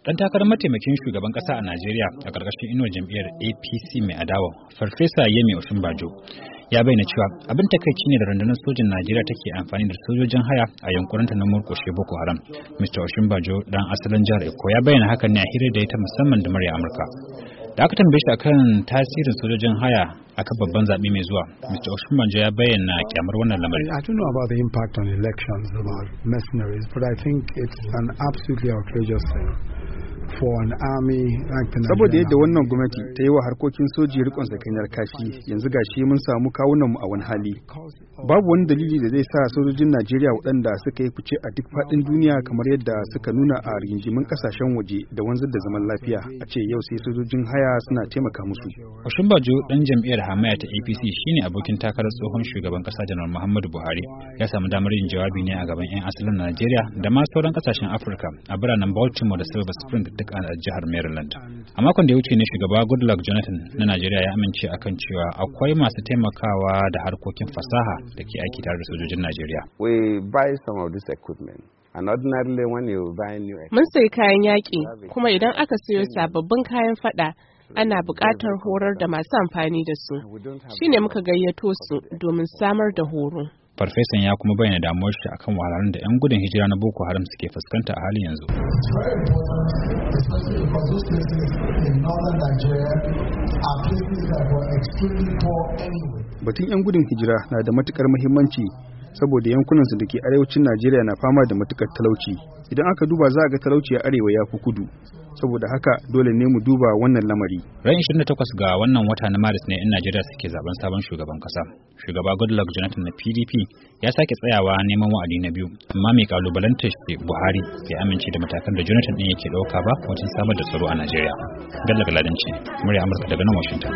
Dan takarar mataimakin shugaban ƙasa a Najeriya a ƙarƙashin inuwar jam'iyyar APC mai adawa, Farfesa Yemi Osinbajo, ya bayyana cewa abin takaici ne da rundunar sojin Najeriya take amfani da sojojin haya a yankuranta na murƙushe Boko Haram. Mr. Osinbajo dan asalin jihar Eko ya bayyana hakan ne a hirar da ita musamman da murya Amurka. Da aka tambaye shi akan tasirin sojojin haya akan babban zaɓe mai zuwa, Mr. Osinbajo ya bayyana kyamar wannan lamarin. I don't know about the impact on elections about mercenaries, but I think it's an absolutely outrageous thing. saboda yadda wannan gwamnati ta yi wa harkokin soji rikon sakainar kashi yanzu ga shi mun samu kawunanmu a wani hali babu wani dalili da zai sa sojojin najeriya waɗanda suka yi fice a duk faɗin duniya kamar yadda suka nuna a rinjimin ƙasashen waje da wanzar da zaman lafiya a ce yau sai sojojin haya suna taimaka musu Oshin Bajo ɗan jam'iyyar Hamaya ta APC shine abokin takarar tsohon shugaban ƙasa Janar Muhammadu Buhari ya samu damar yin jawabi ne a gaban 'yan asalin Najeriya da ma sauran ƙasashen Afirka a biranen Baltimore da Silver Spring duk a jihar Maryland. A makon da ya wuce ne shugaba Goodluck Jonathan na Najeriya ya amince akan cewa akwai masu taimakawa da harkokin fasaha da ke aiki tare da sojojin Najeriya. We Mun sayi kayan yaƙi kuma idan aka sayo sababbin kayan fada ana buƙatar horar da masu amfani da su. Shi ne muka gayyato su domin samar da horo. Farfesan ya kuma bayyana damuwar shi akan wahalarin da 'yan gudun hijira na Boko Haram suke fuskanta a halin yanzu. Batun 'yan gudun hijira na da matukar muhimmanci saboda yankunansu da ke arewacin Najeriya na fama da matukar talauci. Idan aka duba za a ga talauci a arewa ya fi kudu. Saboda haka dole ne mu duba wannan lamari. Ran 28 ga wannan wata na Maris ne 'yan Najeriya suke zaben sabon shugaban kasa. Shugaba Goodluck Jonathan na PDP ya sake tsayawa neman wa'adi na biyu, amma mai kalubalanta shi Buhari bai amince da matakan da Jonathan ɗin yake ɗauka ba wajen samar da tsaro a Najeriya. Goodluck Ladanci, murya Amurka daga nan Washington.